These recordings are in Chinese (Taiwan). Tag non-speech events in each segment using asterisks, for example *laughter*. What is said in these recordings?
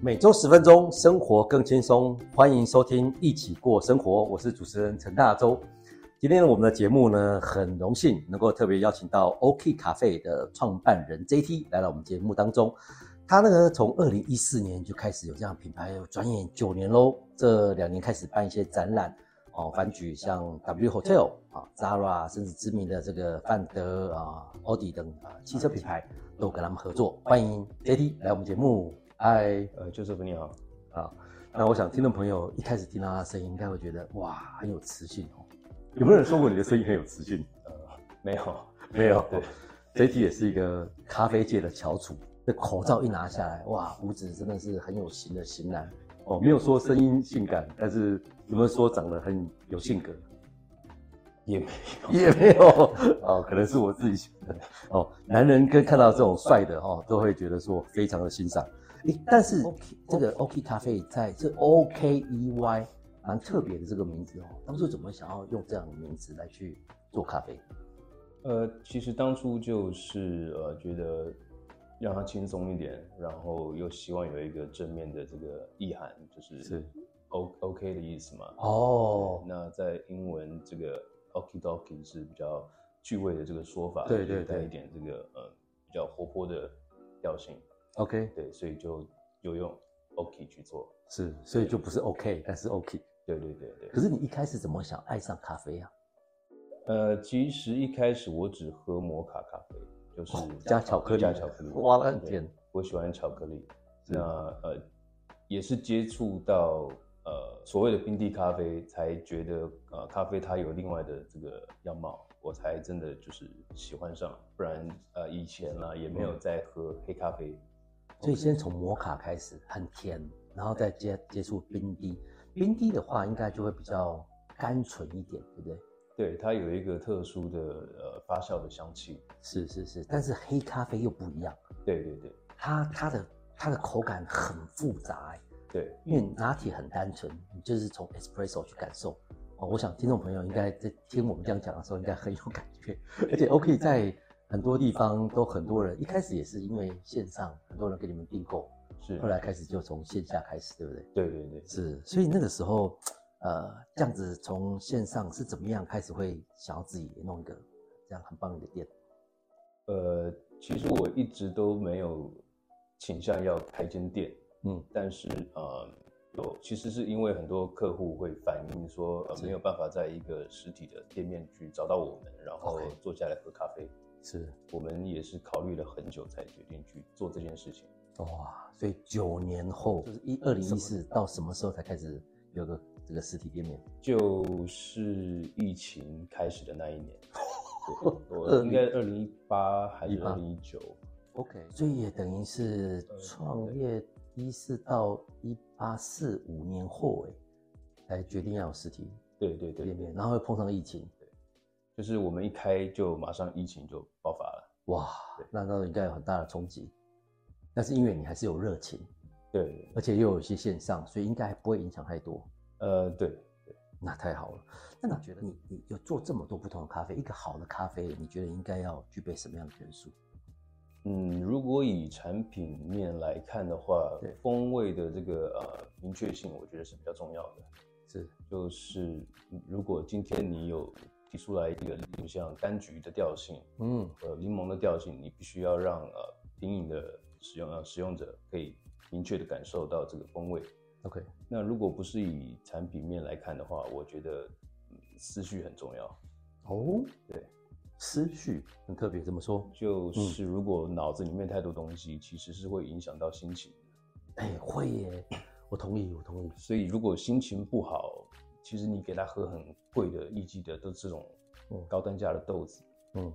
每週十分鐘，生活更輕鬆。歡迎收聽《一起過生活》，我是主持人陳大洲。今天我們的節目呢，很榮幸能夠特別邀請到 OKEY COFFEE 的創辦人 JT 來到我們節目當中。他呢，從二零一四年就開始有這樣品牌，轉眼九年嘍。這兩年開始辦一些展覽哦，反舉像 W Hotel 啊、哦、Zara，甚至知名的這個范德啊、哦、奧迪等啊汽車品牌都跟他們合作。歡迎 JT 來我們節目。嗨，呃 Hi，就是，Joseph 你好。啊。那我想，聽眾朋友一開始聽到他聲音，應該會覺得哇，很有磁性哦、喔。有沒有人說過你的聲音很有磁性？ *laughs* 呃，沒有，沒有。對 JT 也是一個咖啡界的翹楚。這口罩一拿下來，哇，鬍子真的是很有型的型男哦。沒有說聲音性感，但是有沒有說長得很有性格？也沒有，也沒有。 *laughs* 哦，可能是我自己選的哦，男人跟看到這種帥的哦，都會覺得說非常的欣賞。但是這個 OK 咖啡在這 OK E Y，蠻特別的這個名字哦。當初怎麼想要用這樣的名字來去做咖啡？呃，其實當初就是呃，覺得讓它輕鬆一點，然後又希望有一個正面的這個意涵，就是 O OK、E、的意思嘛。哦。那在英文這個 Okey dokey 是比較趣味的這個說法，對對對，帶一點這個呃比較活潑的調性。OK，對，所以就有用 OK 去做，是，所以就不是 OK，對但是 OK，對對對對。可是你一開始怎麼想愛上咖啡啊？呃，其實一開始我只喝摩卡咖啡，就是、哦、加巧克力，加巧克力。我很天！我喜歡巧克力，是那呃也是接觸到呃所謂的冰滴咖啡，才覺得呃咖啡它有另外的這個樣貌，我才真的就是喜歡上，不然呃以前呢、啊、也沒有在喝黑咖啡。所以先從摩卡開始，很甜，然後再接接觸冰滴，冰滴的話應該就會比較甘醇一點，對不對？對，它有一個特殊的呃發酵的香氣。是是是，但是黑咖啡又不一樣。對，對對對，它它的它的口感很複雜，欸，對，因為拿鐵很單純，你就是從 espresso 去感受。哦，我想聽眾朋友應該在聽我們這樣講的時候，應該很有感覺， *laughs* 而且 OK 在。很多地方都很多人，一開始也是因為線上很多人給你們訂購，是後來開始就從線下開始，對不對？對對對，是。所以那個時候，呃，這樣子從線上是怎麼樣開始會想要自己也弄一個這樣很棒的店？呃，其實我一直都沒有傾向要開間店，嗯，但是、呃、有，其實是因為很多客戶會反映說是、呃，沒有辦法在一個實體的店面去找到我們，然後坐下來喝咖啡。Okay. 是我們也是考慮了很久才決定去做這件事情。哇，所以九年後就是一二零一四到什麼時候才開始有個這個實體店面？就是疫情開始的那一年， *laughs* 對應該二零一八還是二零一九？OK，所以也等於是創業一四到一八四五年後欸，才決定要有實體，對對對，對對對，然後又碰上疫情。就是我們一開就馬上疫情就爆發了，哇，那對那應該有很大的衝擊。但是因為你還是有熱情，對，對，對，而且又有一些線上，所以應該不會影響太多。呃，對對，那太好了。那你覺得你你有做這麼多不同的咖啡，一個好的咖啡，你覺得應該要具備什麼樣的元素？嗯，如果以產品面來看的話，對風味的這個呃明確性，我覺得是比較重要的。是，就是如果今天你有。提出來一個，比如像柑橘的調性，嗯，呃，檸檬的調性，你必須要讓呃品飲的使用呃、啊、使用者可以明確的感受到這個風味。OK，那如果不是以產品面來看的話，我覺得、嗯、思緒很重要。哦，對，思緒很特別，怎麼說？就是如果腦子裡面太多東西，嗯、其實是會影響到心情的哎、欸，會耶，我同意，我同意。所以如果心情不好。其實你給他喝很貴的，一級的，都是這種，嗯，高端價的豆子，嗯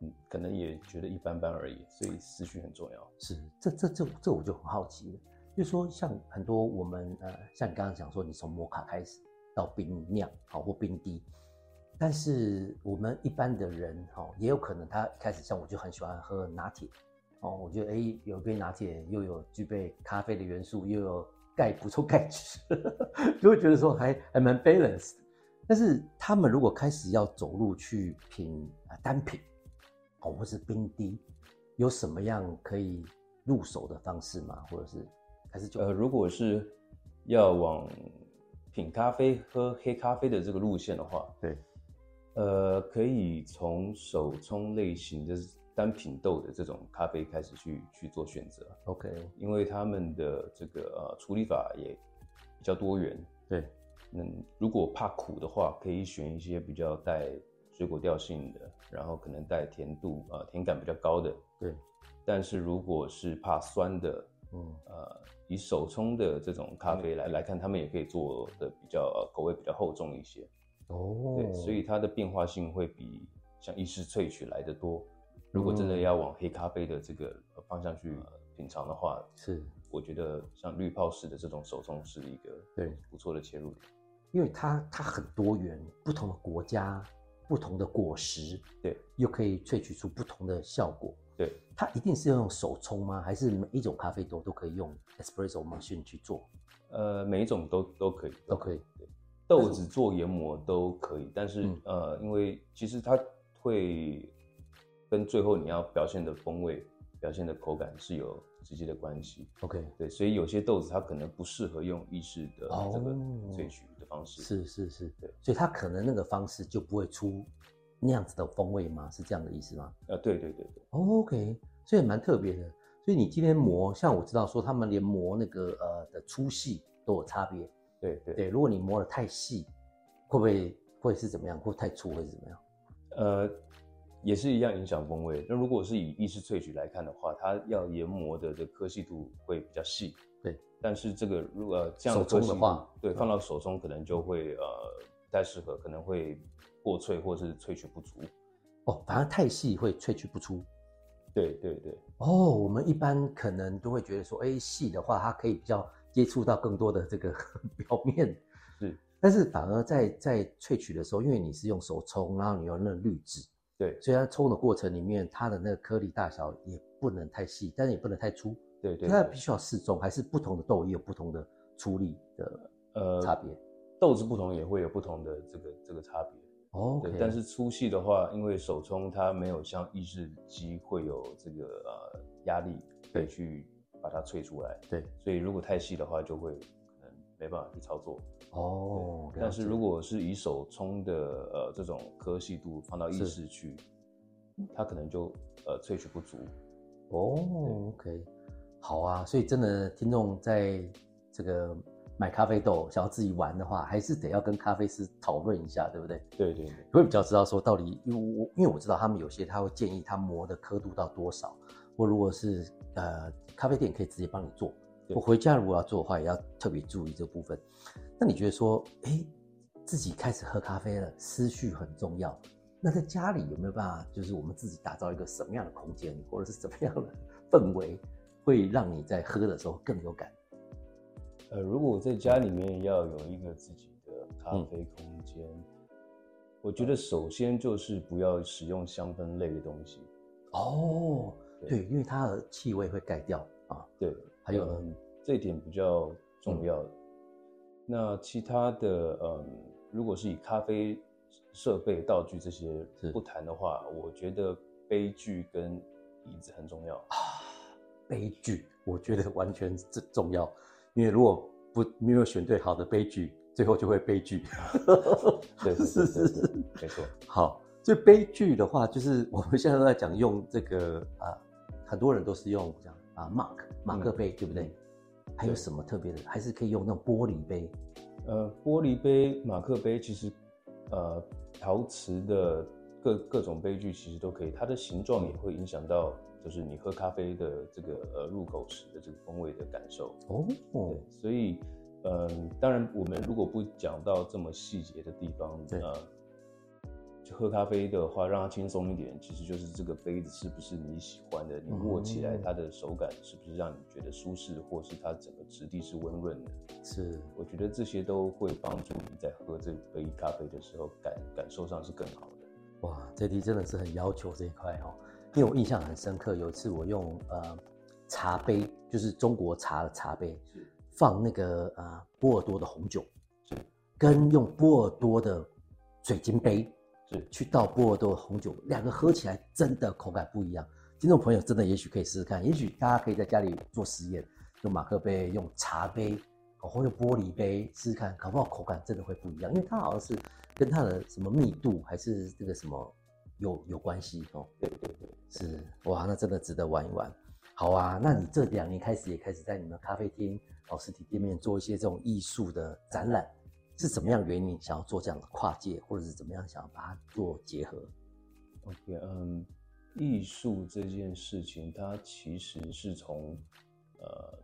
嗯，可能也覺得一般般而已，所以資訊很重要。是，這這這這我就很好奇了，就是說像很多我們呃，像你剛剛講說，你從摩卡開始到冰釀，好、哦、或冰滴，但是我們一般的人哈、哦，也有可能他開始像我就很喜歡喝拿鐵，哦，我覺得哎、欸，有一杯拿鐵又有具備咖啡的元素，又有。鈣補充鈣質， *laughs* 就會覺得說還還蠻 balance。但是他們如果開始要走路去品啊單品，哦，或是冰滴，有什麼樣可以入手的方式嗎？或者是，是還是就呃，如果是要往品咖啡喝黑咖啡的這個路線的話，對，呃，可以從手沖類型的。單品豆的這種咖啡開始去去做選擇，OK，因為他們的這個呃處理法也比較多元。對，嗯，如果怕苦的話，可以選一些比較帶水果調性的，然後可能帶甜度啊、呃、甜感比較高的。對，但是如果是怕酸的，嗯，呃，以手沖的這種咖啡來、嗯、來看，他們也可以做的比較、呃、口味比較厚重一些。哦，oh. 對，所以它的變化性會比像意式萃取來得多。如果真的要往黑咖啡的這個方向去、呃、品嘗的話，是我覺得像濾泡式的這種手沖是一個對不錯的切入點，因為它它很多元，不同的國家、不同的果實，對，又可以萃取出不同的效果。對，它一定是要用手沖嗎？還是每一種咖啡豆都，都可以用 espresso machine 去做？呃，每一種都都可以，都可以豆子做研磨都可以，但是、嗯、呃，因為其實它會。跟最後你要表現的風味、表現的口感是有直接的關係。OK，對，所以有些豆子它可能不適合用意式的這個萃取的方式。是是、oh。是，是是對，所以它可能那個方式就不會出那樣子的風味嗎？是這樣的意思嗎？呃、啊，對對對對。Oh, OK，所以也蠻特別的。所以你今天磨，嗯、像我知道說他們連磨那個呃的粗細都有差別。對對對，如果你磨得太細，會不會會是怎麼樣？或太粗會是怎麼樣？呃。也是一樣，影響風味。那如果是以意式萃取來看的話，它要研磨的這顆粒度會比較細。對，但是這個如果、呃、這樣的話，對，放到手中可能就會、嗯、呃不太適合，可能會過萃或者是萃取不足。哦，反而太細會萃取不出。對對對。對對哦，我們一般可能都會覺得說，哎、欸，細的話它可以比較接觸到更多的這個表面。是，但是反而在在萃取的時候，因為你是用手沖，然後你用那濾紙。對所以它沖的過程裡面，它的那個顆粒大小也不能太細，但是也不能太粗，對，對，對，對，所以它必須要適中，還是不同的豆也有不同的粗粒的差呃差別，豆子不同也會有不同的這個這個差別哦。Okay、對，但是粗細的話，因為手沖它沒有像意式機會有這個呃壓力對去把它萃出來，對，所以如果太細的話就會。沒辦法去操作哦，但是如果是以手沖的呃這種顆粒度放到意式去，是它可能就呃萃取不足。哦對，OK，好啊，所以真的聽眾在這個買咖啡豆想要自己玩的話，還是得要跟咖啡師討論一下，對不對？對對對，會比較知道說到底，因為我因為我知道他們有些他會建議他磨的刻度到多少，或如果是呃咖啡店可以直接幫你做。對我回家如果要做的話，也要特別注意這部分。那你覺得說，哎、欸，自己開始喝咖啡了，思緒很重要。那在家裡有沒有辦法，就是我們自己打造一個什麼樣的空間，或者是什麼樣的氛圍，會讓你在喝的時候更有感？呃，如果我在家裡面要有一個自己的咖啡空間，嗯、我覺得首先就是不要使用香氛類的東西。哦，對，對因為它的氣味會蓋掉啊。對。還有、嗯，這一點，比較重要。嗯、那其他的，嗯，如果是以咖啡設備、道具這些不談的話，是我覺得杯具跟椅子很重要啊。杯具，我覺得完全這重要，因為如果不沒有選對好的杯具，最後就會悲劇。 *laughs* 對，對，是是是，對對沒錯。好，所以杯具的話，就是我們現在都在講用這個啊，很多人都是用這樣。啊，馬克馬克杯對不對？還有什麼特別的？對還是可以用那種玻璃杯？呃，玻璃杯、馬克杯，其實，呃，陶瓷的各各種杯具其實都可以。它的形狀也會影響到，就是你喝咖啡的這個呃入口時的這個風味的感受哦、oh, oh.。對，所以，嗯、呃，當然我們如果不講到這麼細節的地方，對啊。呃就喝咖啡的話，讓它輕鬆一點，其實就是這個杯子是不是你喜歡的？你握起來，它的手感是不是讓你覺得舒適，或是它整個質地是溫潤的？是，我覺得這些都會幫助你在喝這杯咖啡的時候感感受上是更好的。哇，這題真的是很要求這一塊、哎、哦，因為我印象很深刻，有一次我用呃茶杯，就是中國茶的茶杯，是放那個啊、呃、波爾多的紅酒，是跟用波爾多的水晶杯。去倒波爾多紅酒，兩個喝起來真的口感不一樣。聽眾朋友真的也許可以試試看，也許大家可以在家裡做實驗，用馬克杯，用茶杯，或、哦、用玻璃杯試試看，搞不好口感真的會不一樣，因為它好像是跟它的什麼密度，還是這個什麼有有關係哦。對對對，是，哇，那真的值得玩一玩。好啊，那你這兩年開始也開始在你們咖啡廳、實體店面做一些這種藝術的展覽。是怎麼樣原因想要做這樣的跨界，或者是怎麼樣想要把它做結合？OK，嗯，藝術這件事情它其實是從呃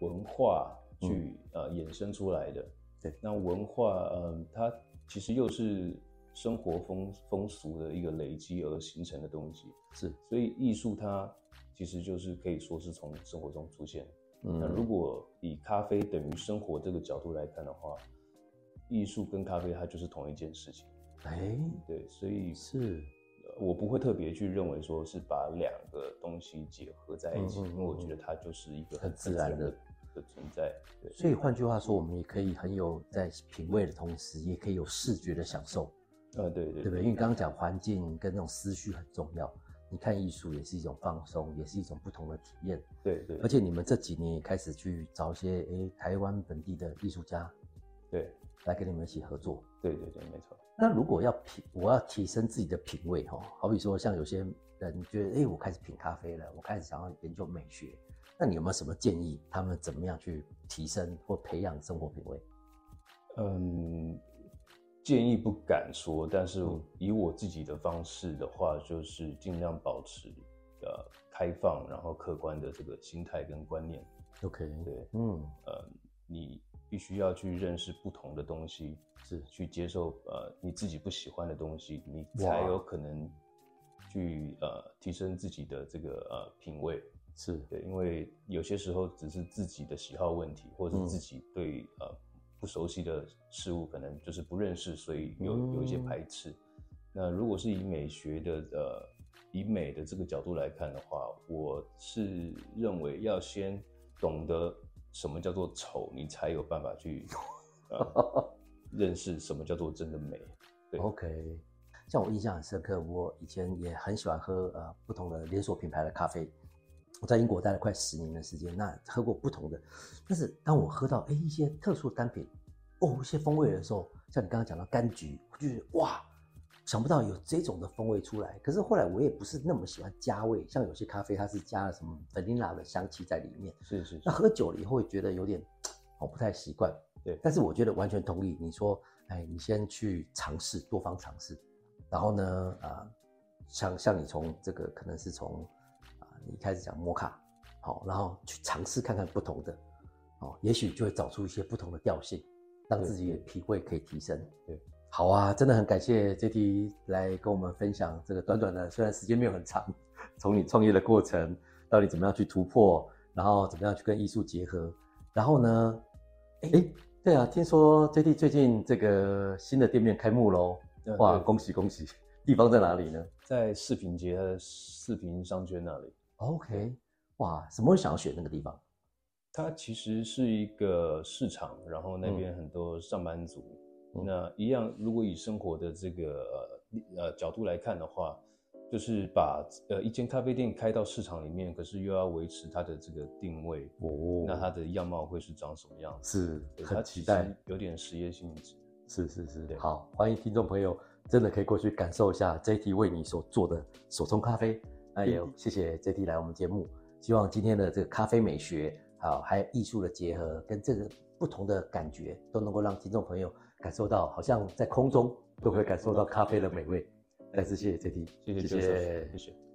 文化去、嗯、呃衍生出來的。對，那文化嗯它其實又是生活風風俗的一個累積而形成的東西。是，所以藝術它其實就是可以說是從生活中出現。嗯，那如果以咖啡等於生活這個角度來看的話。藝術跟咖啡，它就是同一件事情。哎、欸，對，所以是、呃、我不會特別去認為說是把兩個東西結合在一起，嗯嗯嗯，因為我覺得它就是一個很自然的自然的存在。對，所以換句話說，我們也可以很有在品味的同時，也可以有視覺的享受。嗯啊、對、對、對對，對不對？因為剛剛講環境跟那種思緒很重要。你看藝術也是一種放鬆，也是一種不同的體驗。對、對對，而且你們這幾年也開始去找一些哎、欸、台灣本地的藝術家。對。來跟你們一起合作，對對對，沒錯。那如果要品，我要提升自己的品味哈，好比說像有些人覺得，哎、欸，我開始品咖啡了，我開始想要研究美學，那你有沒有什麼建議，他們怎麼樣去提升或培養生活品味？嗯，建議不敢說，但是以我自己的方式的話，嗯、就是盡量保持呃開放，然後客觀的這個心態跟觀念。OK，對，嗯，呃、嗯，你。必須要去認識不同的東西，是去接受呃你自己不喜歡的東西，你才有可能去哇呃提升自己的這個呃品味。是對，因為有些時候只是自己的喜好問題，或者自己對、嗯、呃不熟悉的事物可能就是不認識，所以有有一些排斥。嗯、那如果是以美學的呃以美的這個角度來看的話，我是認為要先懂得。什麼叫做醜，你才有辦法去、嗯、 *laughs* 認識什麼叫做真的美。對，OK，像我印象很深刻，我以前也很喜歡喝呃不同的連鎖品牌的咖啡。我在英國待了快十年的時間，那喝過不同的，但是當我喝到、欸、一些特殊的單品，哦一些風味的時候，像你剛剛講到柑橘，我就覺得哇。想不到有這種的風味出來，可是後來我也不是那麼喜歡加味，像有些咖啡它是加了什麼凡尼拉的香氣在裡面，是是，是是。那喝久了以後也會覺得有點，不太習慣。對，但是我覺得完全同意你說，哎，你先去嘗試，多方嘗試，然後呢，啊、呃，像像你從這個可能是從啊、呃、你開始講摩卡，好、哦，然後去嘗試看看不同的，哦、也許就會找出一些不同的調性，讓自己的品味可以提升。對，對，對。對好啊，真的很感謝 JT 來跟我們分享這個短短的，雖然時間沒有很長，從你創業的過程到你怎麼樣去突破，然後怎麼樣去跟藝術結合，然後呢，哎、欸，對啊，聽說 JT 最近這個新的店面開幕嘍，哇，恭喜恭喜！地方在哪裡呢？在四平街四平商圈那裡。OK，哇，怎麼會想要選那個地方？它其實是一個市場，然後那邊很多上班族。嗯那一樣，如果以生活的這個呃，呃角度來看的話，就是把呃一間咖啡店開到市場裡面，可是又要維持它的這個定位，哦，哦，那它的樣貌會是長什麼樣子？是，很期待，它其實有點實業性質。是是是，對好，歡迎聽眾朋友，真的可以過去感受一下 JT 為你所做的手沖咖啡。那、哎、也、嗯、謝謝 JT 來我們節目，希望今天的這個咖啡美學，好，還有藝術的結合，跟這個不同的感覺，都能夠讓聽眾朋友。感受到好像在空中都會感受到咖啡的美味，嗯嗯嗯嗯、但是謝謝 JT, 謝謝謝謝謝。謝謝